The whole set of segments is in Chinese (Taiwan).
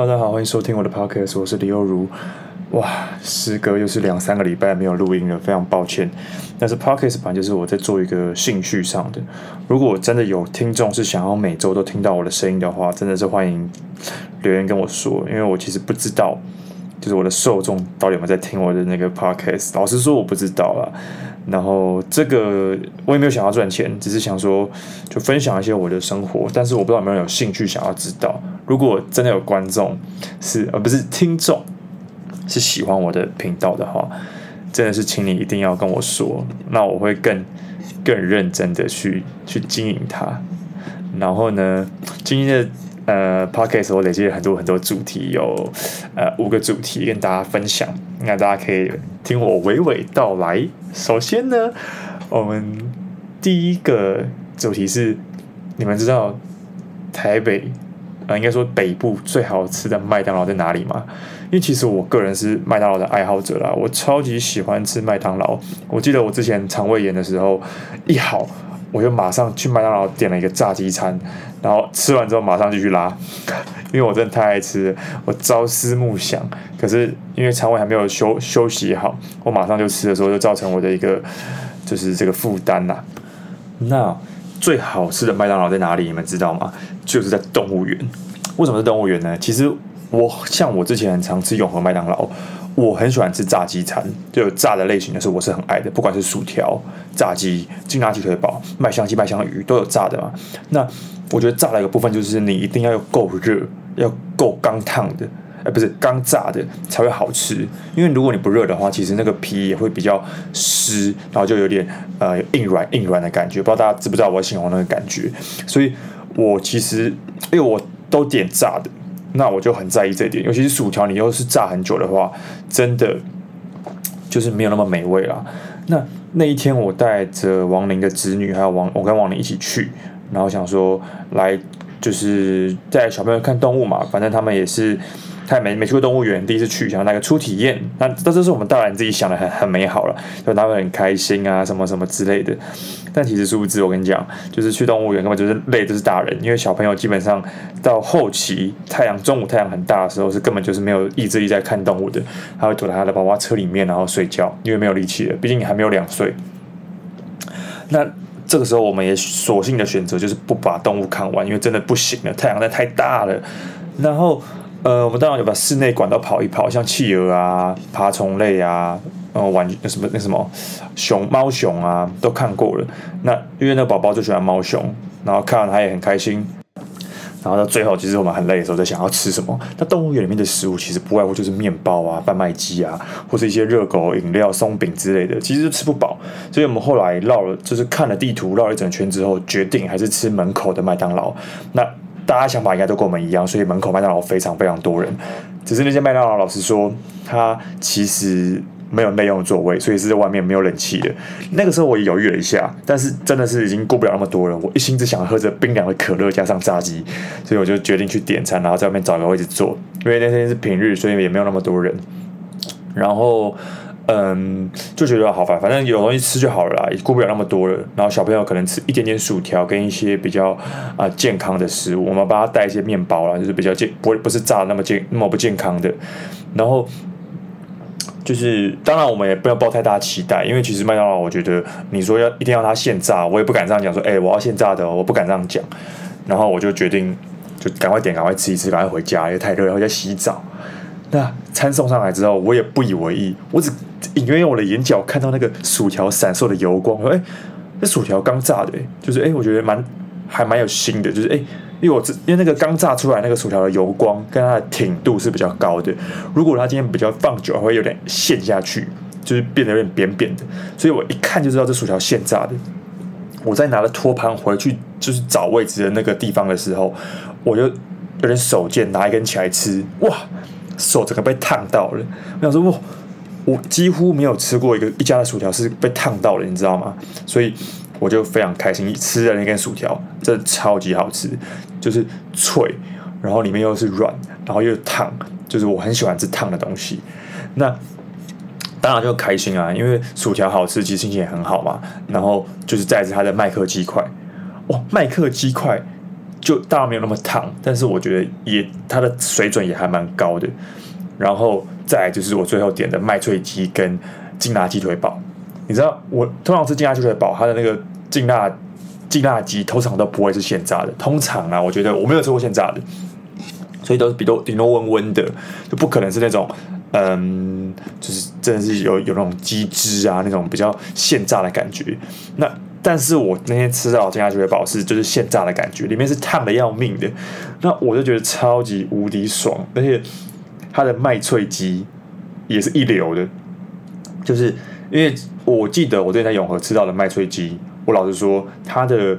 大家好，歡迎收聽我的 podcast，我是李優如。哇，時隔又是兩三個禮拜沒有錄音了，非常抱歉。但是 podcast 本來就是我在做一個興趣上的。如果真的有聽眾是想要每周都聽到我的聲音的話，真的是歡迎留言跟我說，因為我其實不知道，就是我的受眾到底有沒有在聽我的那個 podcast。老實說，我不知道啦。然後這個我也沒有想要賺錢，只是想說就分享一些我的生活。但是我不知道有沒有，有興趣想要知道。如果真的有觀眾是，而、啊、不是聽眾，是喜歡我的頻道的話，真的是請你一定要跟我說，那我會更更認真的去去經營它。然後呢，今天的呃，Podcast 我累積了很多很多主題，有呃五個主題跟大家分享。那大家可以聽我娓娓道來。首先呢，我們第一個主題是你們知道台北，啊，應該說北部最好吃的麥當勞在哪裡嘛？因為其實我個人是麥當勞的愛好者啦，我超級喜歡吃麥當勞。我記得我之前腸胃炎的時候，一好我就馬上去麥當勞點了一個炸雞餐，然後吃完之後馬上就去拉，因為我真的太愛吃了，我朝思暮想。可是因為腸胃還沒有休休息好，我馬上就吃的時候就造成我的一個就是這個負擔啦。那最好吃的麥當勞在哪裡？你們知道嗎？就是在動物園。為什麼是動物園呢？其實我像我之前很常吃永和麥當勞，我很喜歡吃炸雞餐，就有炸的類型的時候我是很愛的，不管是薯條、炸雞、勁辣雞腿堡、麥香雞、麥香魚，都有炸的嘛。那我覺得炸的一個部分就是你一定要夠熱，要夠剛燙的。哎，欸、不是剛炸的才會好吃，因為如果你不熱的話，其實那個皮也會比較濕，然後就有點呃，有硬軟硬軟的感覺，不知道大家知不知道我要形容那個感覺。所以，我其實因為我都點炸的，那我就很在意這一點，尤其是薯條，你又是炸很久的話，真的就是沒有那麼美味啦。那那一天我帶着王林的侄女，還有王，我跟王林一起去，然後想說，來就是帶小朋友看動物嘛，反正他們也是。太美，沒去過動物園，第一次去，想那個初體驗。那這就是我們大人自己想的很，很很美好了，就他會很開心啊，什麼什麼之類的。但其實殊不知，我跟你講，就是去動物園根本就是累，就是大人，因為小朋友基本上到後期太陽中午太陽很大的時候，是根本就是沒有意志力在看動物的，他會躲在他的寶寶車裡面然後睡覺，因為沒有力氣了，畢竟還沒有兩歲。那這個時候我們也索性的選擇就是不把動物看完，因為真的不行了，太陽在太大了，然後。呃，我們當然就把室內管道跑一跑，像企鵝啊、爬蟲類啊、呃，玩什麼那什麼熊貓熊啊，都看過了。那因為那寶寶最喜歡貓熊，然後看到他也很開心。然後到最後，其實我們很累的時候在想要吃什麼。那動物園裡面的食物其實不外乎就是麵包啊、販賣機啊，或是一些熱狗、飲料、鬆餅之類的，其實就吃不飽。所以我們後來繞了，就是看了地圖繞了一整圈之後，決定還是吃門口的麥當勞。那。大家想法應該都跟我們一樣，所以門口麥當勞非常非常多人。只是那些麥當勞老實說，他其實沒有內用座位，所以是在外面沒有冷氣的。那個時候我也猶豫了一下，但是真的是已經顧不了那麼多人，我一心只想喝着冰涼的可樂加上炸雞，所以我就決定去點餐，然後在外面找一個位置坐。因為那天是平日，所以也沒有那麼多人。然後。嗯，就覺得好煩，反正有東西吃就好了啦，也顧不了那麼多了。然後小朋友可能吃一點點薯條跟一些比較啊、呃、健康的食物。我們幫他帶一些麵包啦，就是比較健，不會不是炸那麼健那麼不健康的。然後就是當然我們也不要抱太大期待，因為其實麥當勞，我覺得你說要一定要它現炸，我也不敢這樣講說，誒、欸、我要現炸的、哦，我不敢這樣講。然後我就決定就趕快點，趕快吃一吃，趕快回家，因為太熱，然後要洗澡。那餐送上來之後，我也不以為意，我只。隱約用我的眼角看到那個薯條閃爍的油光，說：“哎，這薯條剛炸的誒，就是哎，我覺得蠻還蠻有心的，就是哎，因為我這因為那個剛炸出來那個薯條的油光跟它的挺度是比較高的，如果它今天比較放久，會有點陷下去，就是變得有點扁扁的，所以我一看就知道這薯條現炸的。我在拿了托盤回去就是找位置的那個地方的時候，我就有點手賤，拿一根起來吃，哇，手整個被燙到了，我想說，哇。”我幾乎沒有吃過一個一家的薯條是被燙到了，你知道嗎？所以我就非常開心吃了那根薯條，真的超級好吃，就是脆，然後裡面又是軟，然後又燙，就是我很喜歡吃燙的東西，那當然就開心啊！因為薯條好吃，其實心情也很好嘛。然後就是再來是它的麥克雞塊，哇，麥克雞塊就當然沒有那麼燙，但是我覺得也它的水準也還蠻高的。然後再就是我最後點的麥脆雞跟勁辣雞腿堡，你知道我通常吃勁辣雞腿堡，它的那個勁辣勁辣雞通常都不會是現炸的，通常啊，我覺得我沒有吃過現炸的，所以都是比多比多溫溫的，就不可能是那種嗯，就是真的是有有那種雞汁啊，那種比較現炸的感覺。那但是我那天吃到勁辣雞腿堡是就是現炸的感覺，裡面是燙的要命的，那我就覺得超級無敵爽，而且。它的麥脆雞也是一流的，就是因為我記得我那天在永和吃到的麥脆雞，我老實說，它的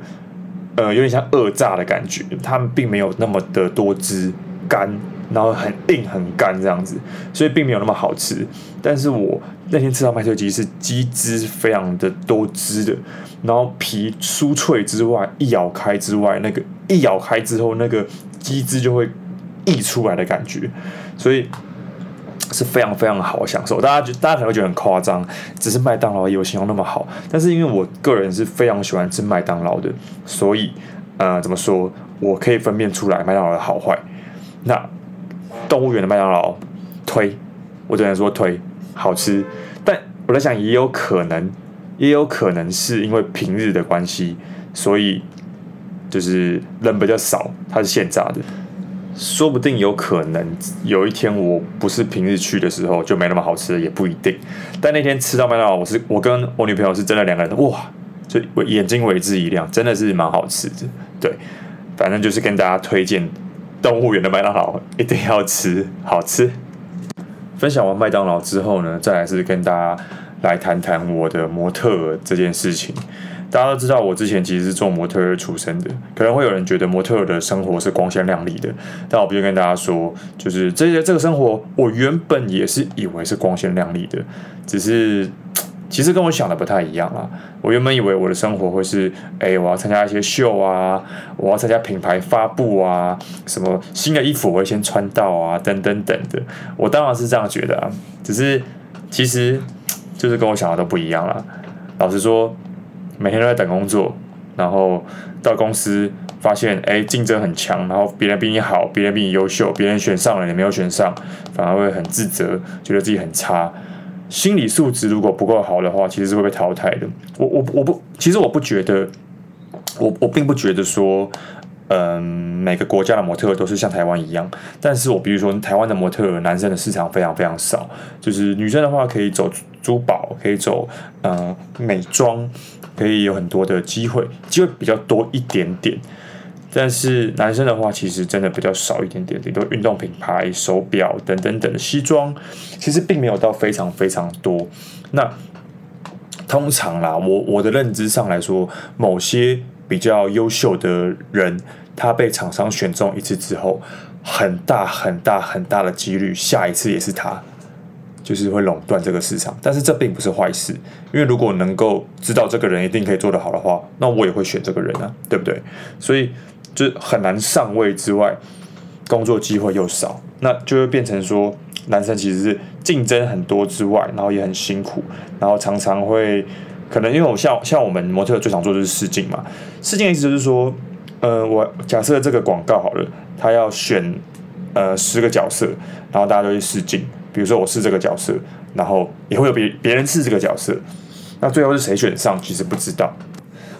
呃有點像二炸的感覺，它並沒有那麼的多汁，乾，然後很硬、很乾這樣子，所以並沒有那麼好吃。但是我那天吃到麥脆雞是雞汁非常的多汁的，然後皮酥脆之外，一咬開之外，那個一咬開之後，那個雞汁就會溢出來的感覺。所以是非常非常好享受，大家覺大家可能會覺得很誇張，只是麥當勞也有形容那麼好。但是因為我個人是非常喜歡吃麥當勞的，所以呃，怎麼說，我可以分辨出來麥當勞的好壞。那動物園的麥當勞推，我只能說推好吃。但我在想，也有可能，也有可能是因為平日的關係，所以就是人比較少，它是現炸的。說不定有可能有一天我不是平日去的時候就沒那麼好吃，也不一定。但那天吃到麥當勞，我是我跟我女朋友是真的兩個人，哇，就眼睛為之一亮，真的是蠻好吃的。對，反正就是跟大家推薦動物園的麥當勞，一定要吃，好吃。分享完麥當勞之後呢，再來是跟大家來談談我的模特這件事情。大家都知道，我之前其實是做模特兒出身的。可能會有人覺得模特兒的生活是光鮮亮麗的，但我不就跟大家說，就是這些這個生活，我原本也是以為是光鮮亮麗的，只是其實跟我想的不太一樣啊。我原本以為我的生活會是，哎、欸，我要參加一些秀啊，我要參加品牌發布啊，什麼新的衣服我會先穿到啊，等等等的。我當然是這樣覺得啊，只是其實就是跟我想的都不一樣了。老實說。每天都在等工作，然後到公司發現，哎，競爭很強，然後別人比你好，別人比你優秀，別人選上了，你沒有選上，反而會很自責，覺得自己很差。心理素質如果不夠好的話，其實是會被淘汰的。我我我不，其實我不覺得，我我並不覺得說。嗯，每個國家的模特都是像台灣一樣，但是我比如說台灣的模特，男生的市場非常非常少，就是女生的話可以走珠寶，可以走呃、嗯、美妝，可以有很多的機會，機會比較多一點點。但是男生的話，其實真的比較少一點點，比如運動品牌、手錶等等等的西裝，其實並沒有到非常非常多。那通常啦，我我的認知上來說，某些比較優秀的人，他被廠商選中一次之後，很大很大很大的幾率下一次也是他，就是會壟斷這個市場。但是這並不是壞事，因為如果能夠知道這個人一定可以做得好的話，那我也會選這個人啊，對不對？所以就很難上位之外，工作機會又少，那就會變成說男生其實是競爭很多之外，然後也很辛苦，然後常常會可能因為我像像我們模特最常做就是試鏡嘛，試鏡的意思就是說。呃，我假設這個廣告好了，他要選呃十個角色，然後大家都去試鏡。比如說我試這個角色，然後也會有別別人試這個角色，那最後是誰選上，其實不知道。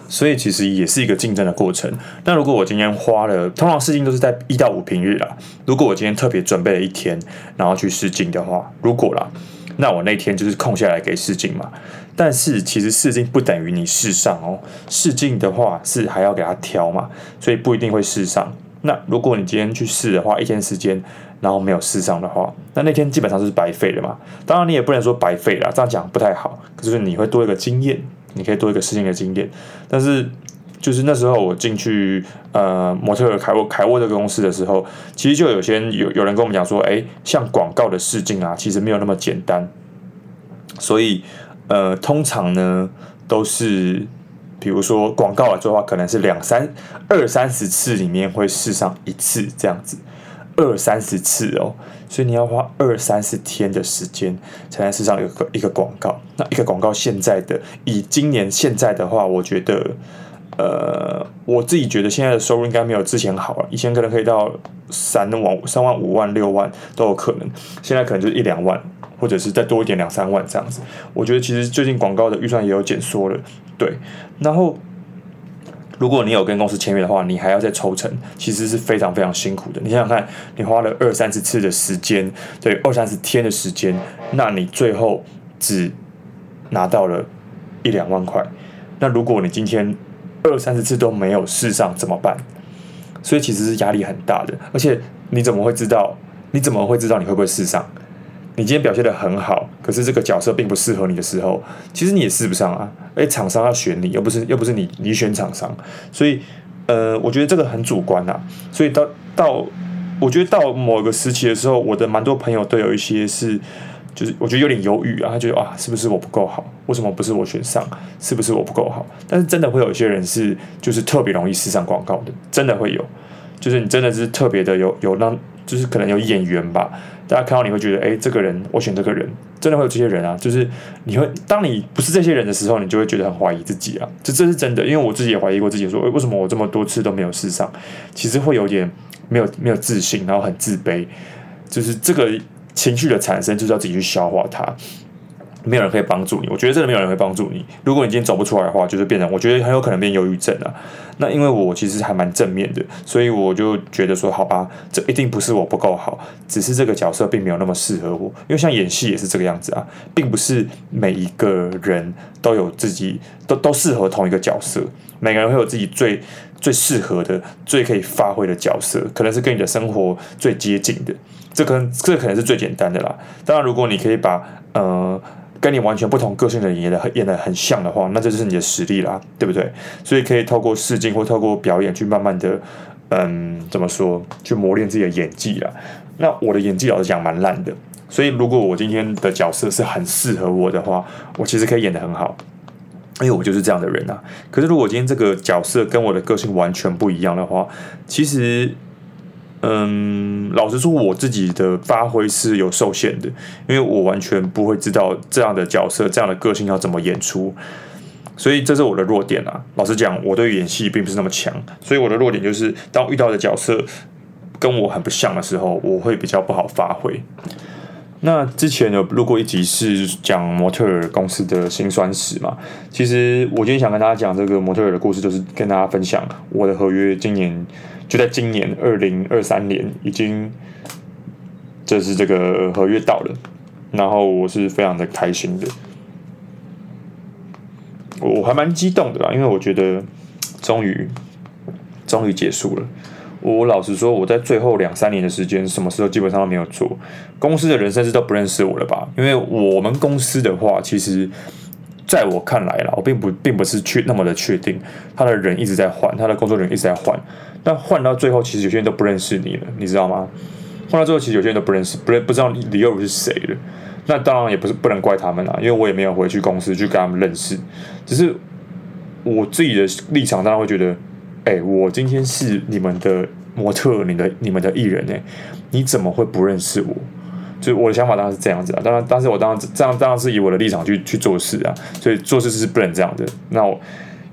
所以其實也是一個競爭的過程。那如果我今天花了，通常試鏡都是在一到五平日啦。如果我今天特別準備了一天，然後去試鏡的話，如果啦，那我那天就是空下來給試鏡嘛。但是其實試鏡不等於你試上哦，試鏡的話是還要給它挑嘛，所以不一定會試上。那如果你今天去試的話，一天時間，然後沒有試上的話，那那天基本上是白費了嘛。當然你也不能說白費啦，這樣講不太好。可是你會多一個經驗，你可以多一個試鏡的經驗。但是就是那時候我進去呃模特兒凱渥凱渥這個公司的時候，其實就有些人有有人跟我們講說，哎，像廣告的試鏡啊，其實沒有那麼簡單，所以。呃，通常呢都是，比如說廣告來做的話，可能是兩三二三十次裡面會試上一次這樣子，二三十次哦，所以你要花二三十天的時間才能試上有個一個廣告。那一個廣告現在的以今年現在的話，我覺得，呃，我自己覺得現在的收入應該沒有之前好了，啊，以前可能可以到三萬、三萬五萬、六萬都有可能，現在可能就是一兩萬。或者是再多一點兩三萬這樣子，我覺得其實最近廣告的預算也有減縮了。對，然後如果你有跟公司簽約的話，你還要再抽成，其實是非常非常辛苦的。你想想看，你花了二三十次的時間，對，二三十天的時間，那你最後只拿到了一兩萬塊。那如果你今天二三十次都沒有試上怎麼辦？所以其實是壓力很大的。而且你怎麼會知道？你怎麼會知道你會不會試上？你今天表現得很好，可是這個角色並不適合你的時候，其實你也試不上啊。哎，廠商要選你，又不是又不是你你選廠商，所以呃，我覺得這個很主觀啦、啊。所以到到，我覺得到某個時期的時候，我的蠻多朋友都有一些是，就是我覺得有點猶豫啊。他覺得啊，是不是我不夠好？為什麼不是我選上？是不是我不夠好？但是真的會有一些人是，就是特別容易試上廣告的，真的會有，就是你真的是特別的有有讓，就是可能有眼緣吧。大家看到你會覺得，哎，這個人我選這個人，真的會有這些人啊？就是你會，當你不是這些人的時候，你就會覺得很懷疑自己啊。這這是真的，因為我自己也懷疑過自己，說，哎，為什麼我這麼多次都沒有試上？其實會有點沒有沒有自信，然後很自卑。就是這個情緒的產生，就是要自己去消化它。沒有人可以幫助你，我覺得真的沒有人會幫助你。如果你今天走不出來的話，就是變成我覺得很有可能變憂鬱症了啊。那因為我其實還蠻正面的，所以我就覺得說，好吧，這一定不是我不夠好，只是這個角色並沒有那麼適合我。因為像演戲也是這個樣子啊，並不是每一個人都有自己都都適合同一個角色。每個人會有自己最最適合的、最可以發揮的角色，可能是跟你的生活最接近的。這可能這可能是最簡單的啦。當然，如果你可以把嗯。呃跟你完全不同個性的人演的演的很像的話，那這就是你的實力啦，對不對？所以可以透過試鏡或透過表演去慢慢的，嗯，怎麼說？去磨練自己的演技啦。那我的演技老實講蠻爛的，所以如果我今天的角色是很適合我的話，我其實可以演得很好，因為我就是這樣的人啊。可是如果今天這個角色跟我的個性完全不一樣的話，其實。嗯，老實說，我自己的發揮是有受限的，因為我完全不會知道這樣的角色、這樣的個性要怎麼演出，所以這是我的弱點啊。老實講，我對演戲並不是那麼強，所以我的弱點就是，當遇到的角色跟我很不像的時候，我會比較不好發揮。那之前有錄過一集是講模特兒公司的辛酸史嘛？其實我今天想跟大家講這個模特兒的故事，就是跟大家分享我的合約今年。就在今年二零二三年，已經，就是這個合約到了，然後我是非常的開心的，我還蠻激動的啦，因為我覺得終於，終於結束了。我老實說，我在最後兩三年的時間，什麼事都基本上都沒有做，公司的人甚至都不認識我了吧？因為我們公司的話，其實。在我看來了，我並不並不是去那麼的確定，他的人一直在換，他的工作人員一直在換，但換到最後，其實有些人都不認識你了，你知道嗎？換到最後，其實有些人都不認識，不認不知道李幼是誰了。那當然也不是不能怪他們啊，因為我也沒有回去公司去跟他們認識，只是我自己的立場，當然會覺得，哎、欸，我今天是你們的模特，你的你們的藝人呢、欸？你怎麼會不認識我？就我的想法當然是這樣子啊，當然，但是我當然這樣當然是以我的立場去去做事啊，所以做事是不能這樣的。那我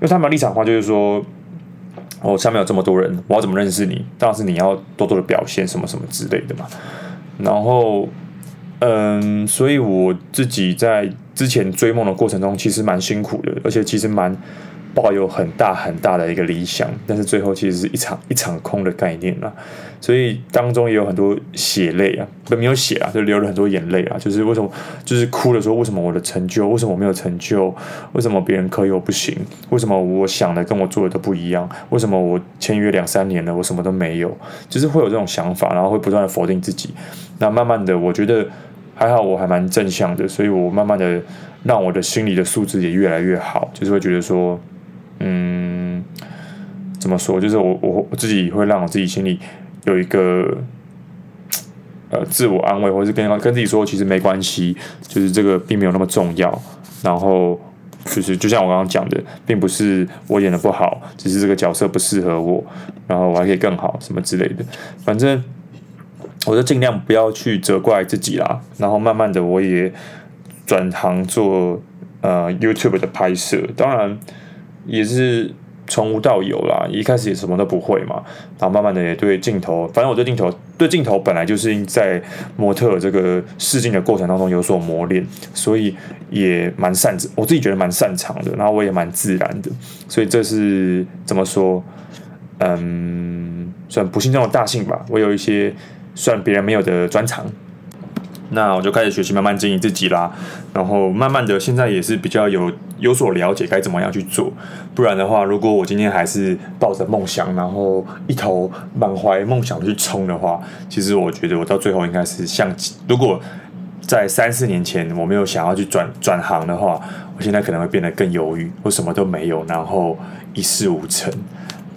因為他們的立場的話就是說，我上面有這麼多人，我要怎麼認識你？當然是你要多多的表現什麼什麼之類的嘛。然後，嗯，所以我自己在之前追夢的過程中，其實蠻辛苦的，而且其實蠻。抱有很大很大的一個理想，但是最後其實是一場一場空的概念啦，所以當中也有很多血淚啊，都沒有血啊，就流了很多眼淚啊，就是為什麼，就是哭的時候為什麼我的成就，為什麼我沒有成就，為什麼別人可以我不行，為什麼我想的跟我做的都不一樣，為什麼我簽約兩三年了我什麼都沒有，就是會有這種想法，然後會不斷的否定自己，那慢慢的我覺得還好我還蠻正向的，所以我慢慢的讓我的心理的素質也越來越好，就是會覺得說。嗯，怎麼說？就是我我我自己會讓我自己心裡有一個呃自我安慰，或是跟跟自己說，其實沒關係，就是這個並沒有那麼重要。然後就是就像我剛剛講的，並不是我演的不好，只是這個角色不適合我，然後我還可以更好什麼之類的。反正我就盡量不要去責怪自己啦。然後慢慢的，我也轉行做呃 YouTube 的拍攝，當然。也是從無到有啦，一開始也什麼都不會嘛，然後慢慢的也對鏡頭，反正我對鏡頭，對鏡頭本來就是在模特這個試鏡的過程當中有所磨練，所以也蠻擅，我自己覺得蠻擅長的，然後我也蠻自然的，所以這是怎麼說？嗯，算不幸中的大幸吧，我有一些算別人沒有的專長。那我就開始學習，慢慢經營自己啦。然後慢慢的，現在也是比較有有所了解，該怎麼樣去做。不然的話，如果我今天還是抱着夢想，然後一頭滿懷夢想去衝的話，其實我覺得我到最後應該是像，如果在三四年前我沒有想要去轉轉行的話，我現在可能會變得更猶豫，我什麼都沒有，然後一事無成。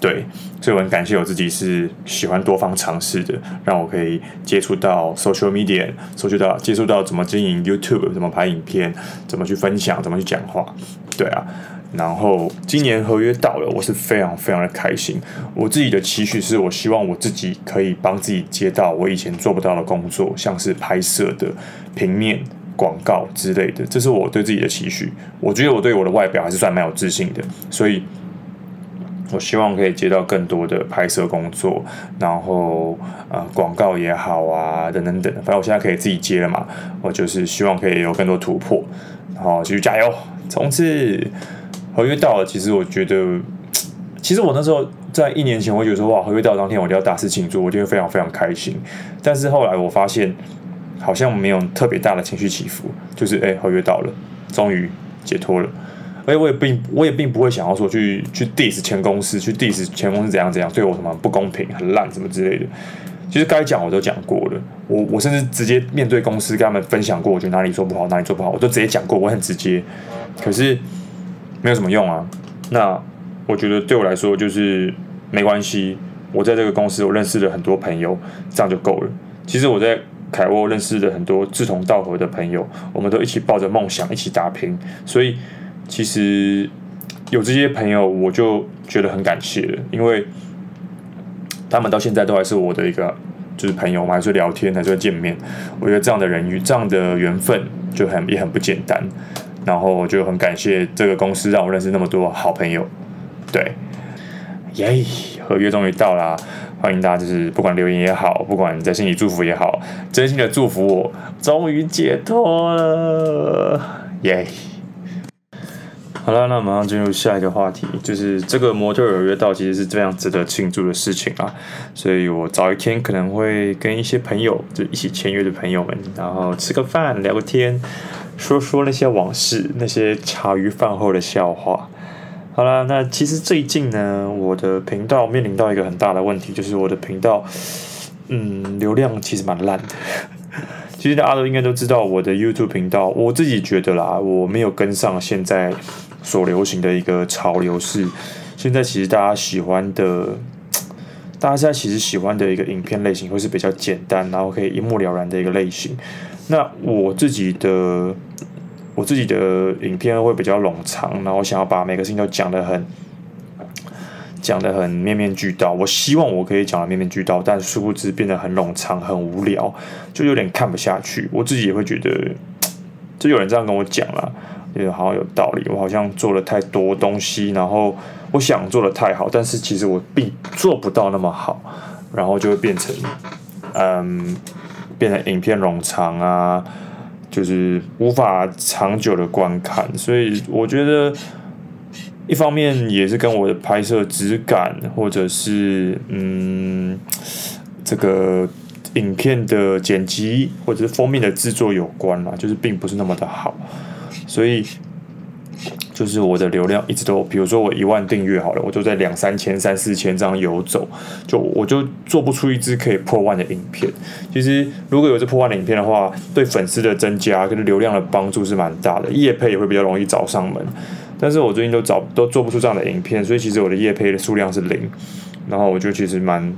對，所以我很感謝我自己是喜歡多方嘗試的，讓我可以接觸到 social media，接觸到接觸到怎麼經營 YouTube，怎麼拍影片，怎麼去分享，怎麼去講話，對啊。然後今年合約到了，我是非常非常的開心。我自己的期許是我希望我自己可以幫自己接到我以前做不到的工作，像是拍攝的平面廣告之類的。這是我對自己的期許。我覺得我對我的外表還是算蠻有自信的，所以。我希望可以接到更多的拍攝工作，然後呃，廣告也好啊，等等等，反正我現在可以自己接了嘛，我就是希望可以有更多突破，好繼續加油。從此合約到了，其實我覺得，其實我那時候在一年前我我一，我就說哇，合約到當天我就要大肆慶祝，我就會非常非常開心。但是後來我發現好像沒有特別大的情緒起伏，就是哎、欸，合約到了，終於解脫了。所以我也並我也並不會想要說去去 diss 前公司，去 diss 前公司怎樣怎樣，對我什麼不公平、很爛什麼之類的。其實該講我都講過了，我我甚至直接面對公司跟他們分享過，我覺得哪裡做不好，哪裡做不好，我都直接講過，我很直接。可是沒有什麼用啊。那我覺得對我來說就是沒關係，我在這個公司我認識了很多朋友，這樣就夠了。其實我在凱渥認識了很多志同道合的朋友，我們都一起抱着夢想，一起打拼，所以。其實有這些朋友，我就覺得很感謝了，因為他們到現在都還是我的一個就是朋友，我們還是聊天，還是會見面。我覺得這樣的人與這樣的緣分就很也很不簡單。然後我就很感謝這個公司讓我認識那麼多好朋友。對，耶！合約終於到了，歡迎大家就是不管留言也好，不管在心裡祝福也好，真心的祝福我，終於解脫了，耶！好了，那馬上進入下一個話題，就是這個模特兒合約到，其實是非常值得慶祝的事情啊。所以我早一天可能會跟一些朋友，就一起簽約的朋友們，然後吃個飯、聊個天，說說那些往事，那些茶餘飯後的笑話。好了，那其實最近呢，我的頻道面臨到一個很大的問題，就是我的頻道，嗯，流量其實蠻爛的。其實大家都應該都知道，我的 YouTube 頻道，我自己覺得啦，我沒有跟上現在。所流行的一個潮流是，現在其實大家喜歡的，大家現在其實喜歡的一個影片類型會是比較簡單，然後可以一目了然的一個類型。那我自己的，我自己的影片會比較冗長，然後想要把每個事情都講得很，講得很面面俱到。我希望我可以講得面面俱到，但殊不知變得很冗長，很無聊，就有點看不下去。我自己也會覺得，就有人這樣跟我講了。也好有道理，我好像做了太多東西，然後我想做的太好，但是其實我並做不到那麼好，然後就會變成，嗯，變成影片冗長啊，就是無法長久的觀看。所以我覺得，一方面也是跟我的拍攝質感，或者是嗯，這個影片的剪輯或者是封面的制作有關啦，就是並不是那麼的好。所以，就是我的流量一直都，比如說我一萬訂閱好了，我都在兩三千、三四千這樣游走，就我就做不出一支可以破萬的影片。其實如果有這破萬的影片的話，對粉絲的增加跟流量的幫助是蠻大的，業配也會比較容易找上門。但是我最近都找都做不出這樣的影片，所以其實我的業配的數量是零。然後我就其實蠻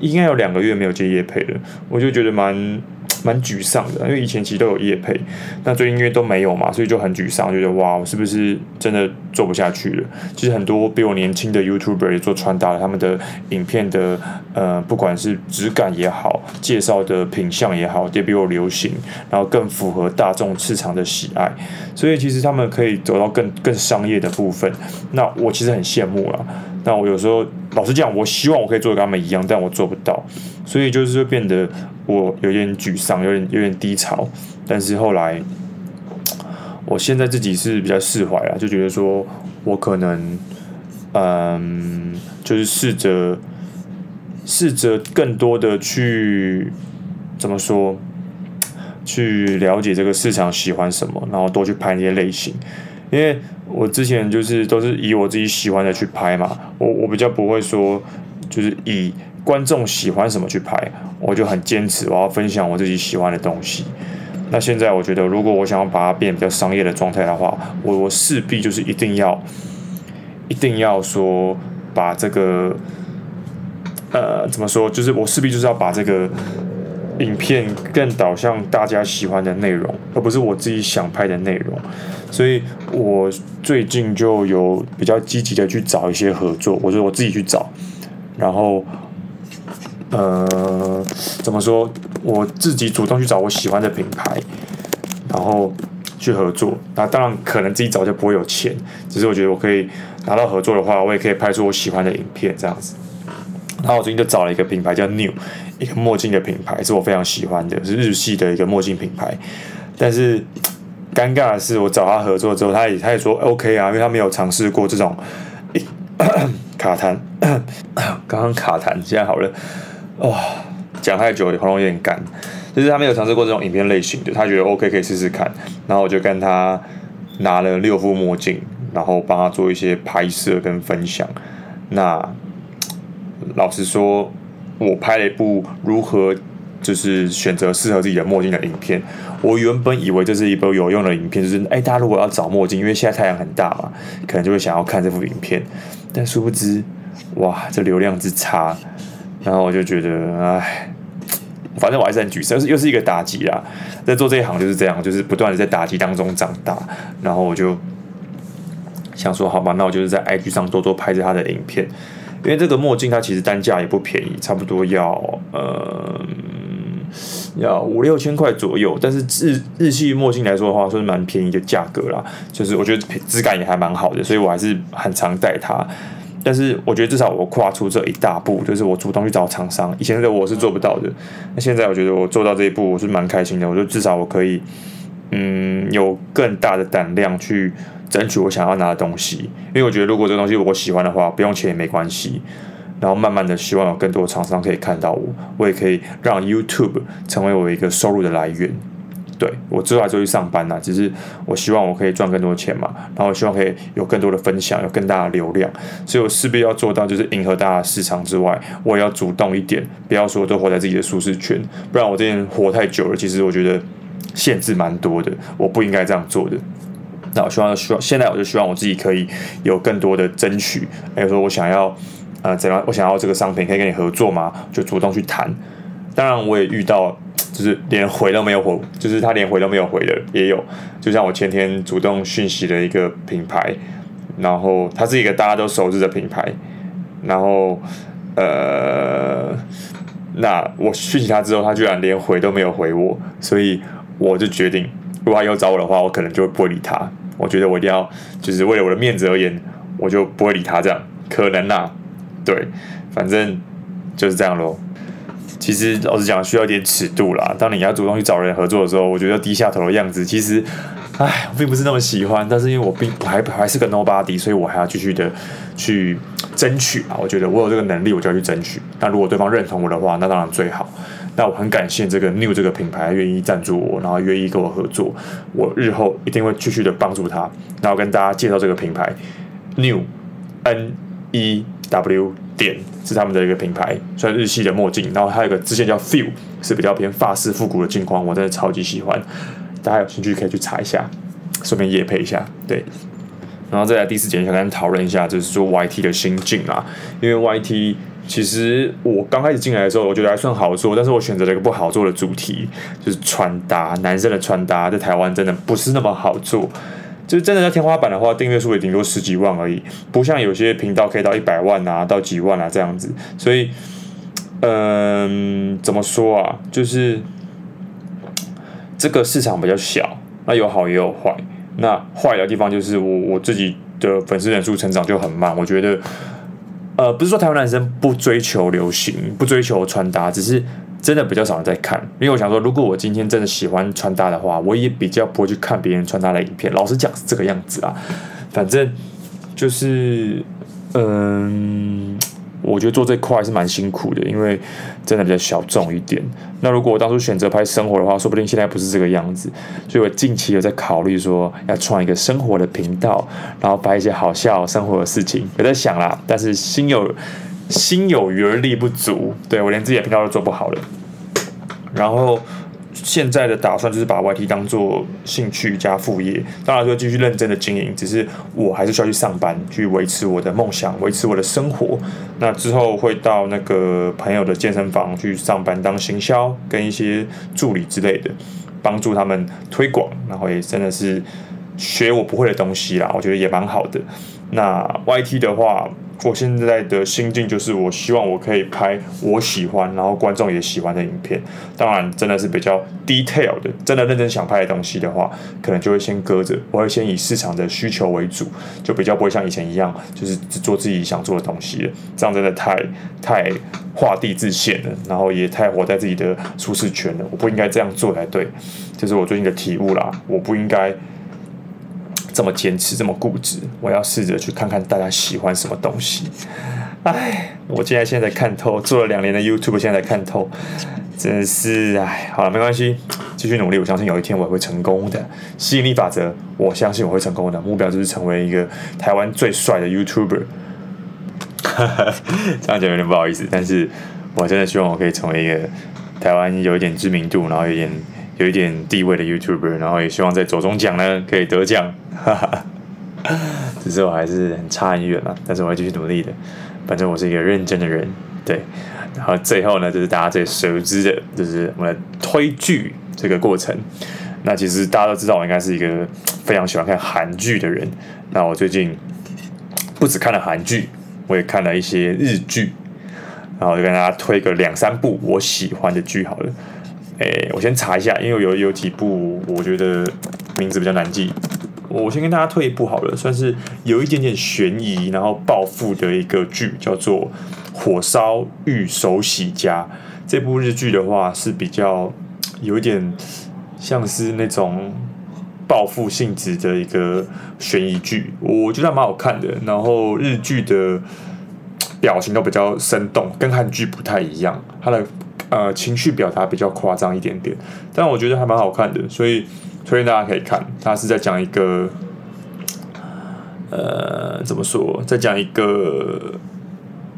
應該有兩個月沒有接業配了，我就覺得蠻。蠻沮喪的、啊，因為以前其實都有業配，那最近因為都沒有嘛，所以就很沮喪，就覺得哇，我是不是真的做不下去了？其實很多比我年輕的 YouTuber 也做穿搭了，他們的影片的，呃，不管是質感也好，介紹的品相也好，都比我流行，然後更符合大眾市場的喜愛，所以其實他們可以走到更更商業的部分，那我其實很羨慕了。那我有時候老實講，我希望我可以做得跟他們一樣，但我做不到，所以就是會變得。我有點沮喪，有點有點低潮，但是後來，我現在自己是比較釋懷了，就覺得說我可能，嗯，就是試着，試着更多的去怎麼說，去了解這個市場喜歡什麼，然後多去拍一些類型，因為我之前就是都是以我自己喜歡的去拍嘛，我我比較不會說。就是以觀眾喜歡什麼去拍，我就很堅持，我要分享我自己喜歡的東西。那現在我覺得，如果我想要把它變得比較商業的狀態的話，我我勢必就是一定要，一定要說把這個，呃，怎麼說，就是我勢必就是要把這個影片更導向大家喜歡的內容，而不是我自己想拍的內容。所以，我最近就有比較積極的去找一些合作，我說我自己去找。然後，呃，怎麼說？我自己主動去找我喜歡的品牌，然後去合作。那當然可能自己找就不會有錢，只是我覺得我可以拿到合作的話，我也可以拍出我喜歡的影片這樣子。然後我最近就找了一個品牌叫 New，一個墨鏡的品牌，是我非常喜歡的，是日系的一個墨鏡品牌。但是尷尬的是，我找他合作之後，他也他也說 OK 啊，因為他沒有嘗試過這種。欸咳咳卡痰，剛剛 卡痰。現在好了。哦，講太久喉嚨有點乾。就是他沒有嘗試過這種影片類型的，他覺得 OK 可以試試看。然後我就跟他拿了六副墨鏡，然後幫他做一些拍攝跟分享。那老實說，我拍了一部如何就是選擇適合自己的墨鏡的影片。我原本以為這是一部有用的影片，就是哎、欸，大家如果要找墨鏡，因為現在太陽很大嘛，可能就會想要看這部影片。但殊不知，哇，這流量之差，然後我就覺得，哎，反正我還是很沮喪，又是一個打擊啦。在做這一行就是這樣，就是不斷的在打擊當中長大。然後我就想說，好吧，那我就是在 IG 上多多拍着他的影片，因為這個墨鏡它其實單價也不便宜，差不多要，嗯。要五六千塊左右，但是日日系墨鏡來說的話，算是蠻便宜的價格啦。就是我覺得質感也還蠻好的，所以我還是很常戴它。但是我覺得至少我跨出這一大步，就是我主動去找廠商，以前的我是做不到的。那現在我覺得我做到這一步，我是蠻開心的。我覺得至少我可以，嗯，有更大的膽量去爭取我想要拿的東西。因為我覺得如果這個東西我喜歡的話，不用錢也沒關係。然後慢慢的，希望有更多的廠商可以看到我，我也可以讓 YouTube 成為我一個收入的來源。對，我之後還是會去上班啊，只是我希望我可以賺更多錢嘛，然後我希望可以有更多的分享，有更大的流量，所以我勢必要做到，就是迎合大家市場之外，我也要主動一點，不要說都活在自己的舒適圈，不然我這邊活太久了，其實我覺得限制蠻多的，我不應該這樣做的。那我希望，希望現在我就希望我自己可以有更多的爭取，還有說我想要。呃，怎樣？我想要這個商品，可以跟你合作嗎？就主動去談。當然，我也遇到就是連回都沒有回，就是他連回都沒有回的也有。就像我前天主動訊息的一個品牌，然後它是一個大家都熟知的品牌，然後呃，那我訊息他之後，他居然連回都沒有回我，所以我就決定，如果他要找我的話，我可能就不會理他。我覺得我一定要，就是為了我的面子而言，我就不會理他。這樣可能啦、啊。對，反正就是這樣咯。其實老實講，需要一點尺度啦。當你要主動去找人合作的時候，我覺得低下頭的樣子，其實，唉，我並不是那麼喜歡。但是因為我並還還是個 nobody，所以我還要繼續的去爭取啊。我覺得我有這個能力，我就要去爭取。那如果對方認同我的話，那當然最好。那我很感謝這個 new 這個品牌願意贊助我，然後願意跟我合作。我日後一定會繼續的幫助他，然後跟大家介紹這個品牌 new n e。W 點是他們的一個品牌，算日系的墨鏡，然後還有一個支線叫 Feel，是比較偏法式復古的鏡框，我真的超級喜歡，大家有興趣可以去查一下，順便也配一下，對。然後再來第四點，想跟討論一下，就是說 YT 的心境啊，因為 YT 其實我剛開始進來的時候，我覺得還算好做，但是我選擇了一個不好做的主題，就是穿搭，男生的穿搭在台灣真的不是那麼好做。就真的在天花板的話，訂閱數也頂多十幾萬而已，不像有些頻道可以到一百萬啊，到幾萬啊這樣子。所以，嗯、呃，怎麼說啊？就是這個市場比較小，那有好也有壞。那壞的地方就是我我自己的粉絲人數成長就很慢。我覺得，呃，不是說台灣男生不追求流行，不追求穿搭，只是。真的比較少人在看，因為我想說，如果我今天真的喜歡穿搭的話，我也比較不會去看別人穿搭的影片。老實講是這個樣子啊，反正就是，嗯，我覺得做這塊還是蠻辛苦的，因為真的比較小眾一點。那如果我當初選擇拍生活的話，說不定現在不是這個樣子。所以我近期有在考慮說，要創一個生活的頻道，然後拍一些好笑生活的事情，也在想啦。但是心有。心有餘而力不足，對，我連自己的頻道都做不好了。然後現在的打算就是把 YT 當做興趣加副業，當然說繼續認真的經營。只是我還是需要去上班，去維持我的夢想，維持我的生活。那之後會到那個朋友的健身房去上班，當行銷跟一些助理之類的，幫助他們推廣。然後也真的是學我不會的東西啦，我覺得也蠻好的。那 YT 的話。我現在的心境就是，我希望我可以拍我喜歡，然後觀眾也喜歡的影片。當然，真的是比較 detailed 的，真的認真想拍的東西的話，可能就會先擱着。我會先以市場的需求為主，就比較不會像以前一樣，就是只做自己想做的東西了。這樣真的太太畫地自限了，然後也太活在自己的舒適圈了。我不應該這樣做才對，這、就是我最近的體悟啦。我不應該。這麼堅持，這麼固執，我要試着去看看大家喜歡什麼東西。唉，我竟然現在，現在在看透，做了兩年的 YouTube，現在在看透，真是唉。好了，沒關係，繼續努力，我相信有一天我會成功的。吸引力法則，我相信我會成功的。目標就是成為一個台灣最帥的 YouTuber。哈哈，這樣講有點不好意思，但是我真的希望我可以成為一個台灣有一點知名度，然後有點。有一點地位的 YouTuber，然後也希望在左中獎呢可以得獎，哈哈。只是我還是很差很遠了啊，但是我會繼續努力的。反正我是一個認真的人，對。然後最後呢，就是大家最熟知的，就是我的推劇這個過程。那其實大家都知道，我應該是一個非常喜歡看韓劇的人。那我最近不止看了韓劇，我也看了一些日劇，然後就跟大家推個兩三部我喜歡的劇好了。誒，我先查一下，因為有有幾部我覺得名字比較難記。我先跟大家推一部好了，算是有一點點懸疑，然後報復的一個劇，叫做《火燒御手洗家》。這部日劇的話是比較有一點像是那種報復性質的一個懸疑劇，我覺得還蠻好看的。然後日劇的表情都比較生動，跟韓劇不太一樣，它的。呃，情緒表達比較誇張一點點，但我覺得還蠻好看的，所以推薦大家可以看。他是在講一個，呃，怎麼說，在講一個，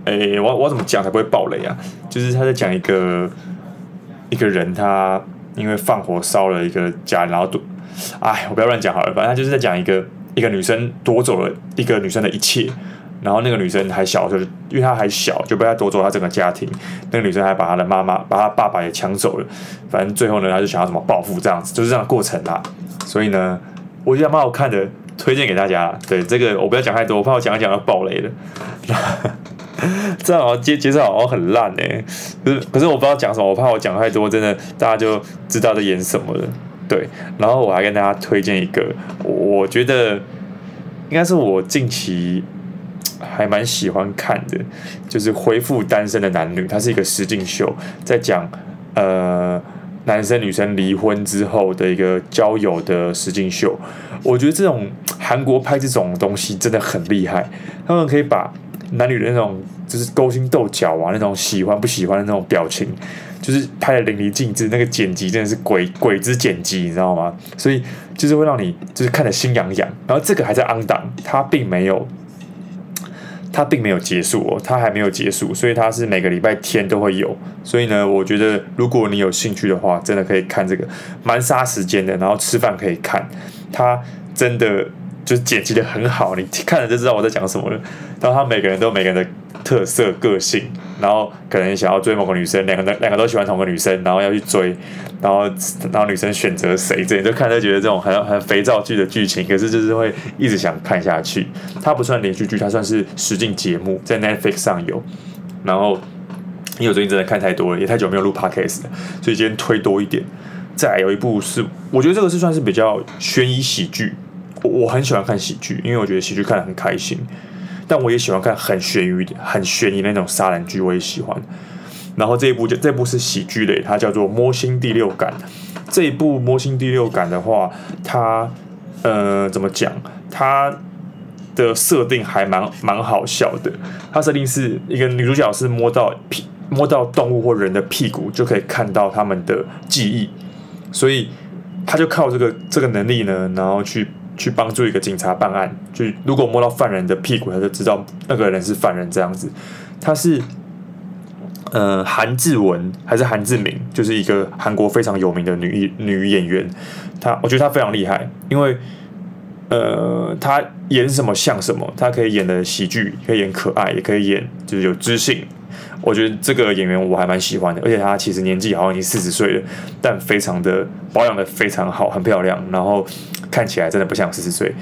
哎、欸，我我怎麼講才不會爆雷啊？就是他在講一個，一個人他因為放火燒了一個家，然後奪，哎，我不要亂講好了，反正他就是在講一個一個女生奪走了一個女生的一切。然後那個女生還小時候，就是因為她還小，就被她奪走她整個家庭。那個女生還把她的媽媽、把她爸爸也搶走了。反正最後呢，她就想要什麼報復這樣子，就是這樣的過程啦。所以呢，我覺得蠻好看的，推薦給大家。對，這個我不要講太多，我怕我講一講要暴雷了。 這樣好像接節奏好像很爛哎、欸，可是可是我不知道講什麼，我怕我講太多，真的大家就知道在演什麼了。對，然後我還跟大家推薦一個，我覺得應該是我近期。還蠻喜歡看的，就是恢復單身的男女，他是一個實境秀，在講呃男生女生離婚之後的一個交友的實境秀。我覺得這種韓國拍這種東西真的很厲害，他們可以把男女的那種就是勾心鬥角啊，那種喜歡不喜歡的那種表情，就是拍得淋漓盡致。那個剪輯真的是鬼鬼子剪輯，你知道嗎？所以就是會讓你就是看得心癢癢。然後這個還在 on 檔，他並沒有。它並沒有結束哦，它還沒有結束，所以它是每個禮拜天都會有。所以呢，我覺得如果你有興趣的話，真的可以看這個，蠻殺時間的，然後吃飯可以看，它真的。就是剪輯的很好，你看了就知道我在講什麼了。然後他每個人都有每個人的特色個性，然後可能想要追某個女生，兩個兩個都喜歡同個女生，然後要去追，然後然後女生選擇誰，這你就看就覺得這種很很肥皂劇的劇情，可是就是會一直想看下去。它不算連續劇，它算是實境節目，在 Netflix 上有。然後因為我最近真的看太多了，也太久沒有錄 Podcast 了，所以今天推多一點。再來有一部是，我覺得這個是算是比較懸疑喜劇。我很喜歡看喜劇，因為我覺得喜劇看得很開心。但我也喜歡看很懸疑、很懸疑那種殺人劇，我也喜歡。然後這一部就這部是喜劇類，它叫做《摸心第六感》。這一部《摸心第六感》的話，它呃怎麼講？它的設定還蠻蠻好笑的。它設定是一個女主角是摸到屁，摸到動物或人的屁股就可以看到他們的記憶，所以她就靠這個這個能力呢，然後去。去幫助一個警察辦案，就如果摸到犯人的屁股，他就知道那個人是犯人。這樣子，他是呃韓志文還是韓志明？就是一個韓國非常有名的女女演員，她我覺得她非常厲害，因為呃她演什麼像什麼，她可以演的喜劇，可以演可愛，也可以演就是有知性。我覺得這個演員我還蠻喜歡的，而且他其實年紀好像已經四十歲了，但非常的保養得非常好，很漂亮，然後看起來真的不像四十歲。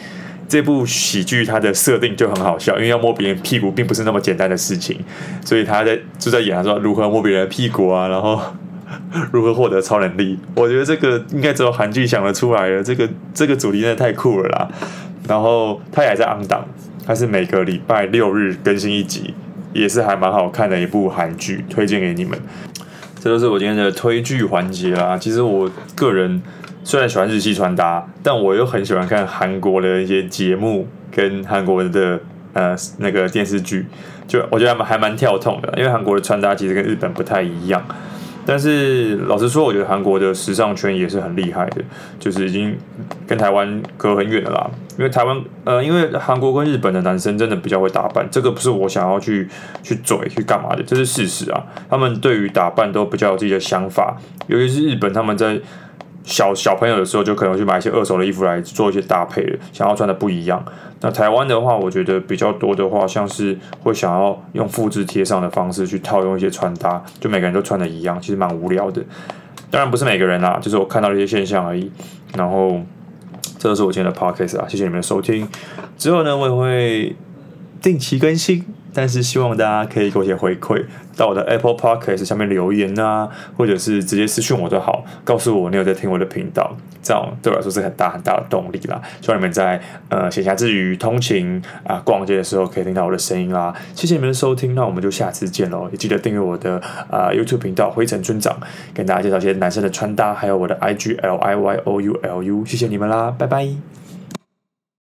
這部喜劇它的設定就很好笑，因為要摸別人屁股並不是那麼簡單的事情，所以他在就在演他說如何摸別人屁股啊，然後如何獲得超能力。我覺得這個應該只有韓劇想得出來了，這個這個主題真的太酷了啦。然後他也在昂檔，他是每個禮拜六日更新一集。也是還蠻好看的一部韓劇，推薦給你們。這就是我今天的推劇環節啦。其實我個人雖然喜歡日系穿搭，但我又很喜歡看韓國的一些節目跟韓國的呃那個電視劇。就我覺得還蠻還蠻跳痛的，因為韓國的穿搭其實跟日本不太一樣。但是老實說，我覺得韓國的時尚圈也是很厲害的，就是已經跟台灣隔很遠了啦。因為台灣，呃，因為韓國跟日本的男生真的比較會打扮，這個不是我想要去去嘴去幹嘛的，這是事實啊。他們對於打扮都比較有自己的想法。尤其是日本，他們在小小朋友的時候就可能去買一些二手的衣服來做一些搭配，想要穿的不一樣。那台灣的話，我覺得比較多的話，像是會想要用複製貼上的方式去套用一些穿搭，就每個人都穿的一樣，其實蠻無聊的。當然不是每個人啦、啊，就是我看到一些現象而已。然後。這就是我今天的 Podcast 啊，謝謝你們的收聽。之後呢，我也會定期更新。但是希望大家可以給我一些回饋，到我的 Apple Podcast 下面留言啊，或者是直接私訊我都好，告訴我你有在聽我的頻道，這樣對我來說是很大很大的動力啦。希望你們在呃閒暇之餘、通勤啊、呃、逛街的時候可以聽到我的聲音啦。謝謝你們的收聽，那我們就下次見嘍！也記得訂閱我的啊、呃、YouTube 頻道《灰塵村長》，給大家介紹一些男生的穿搭，還有我的 IG, I G L I Y O U L U。L U, 謝謝你們啦，拜拜。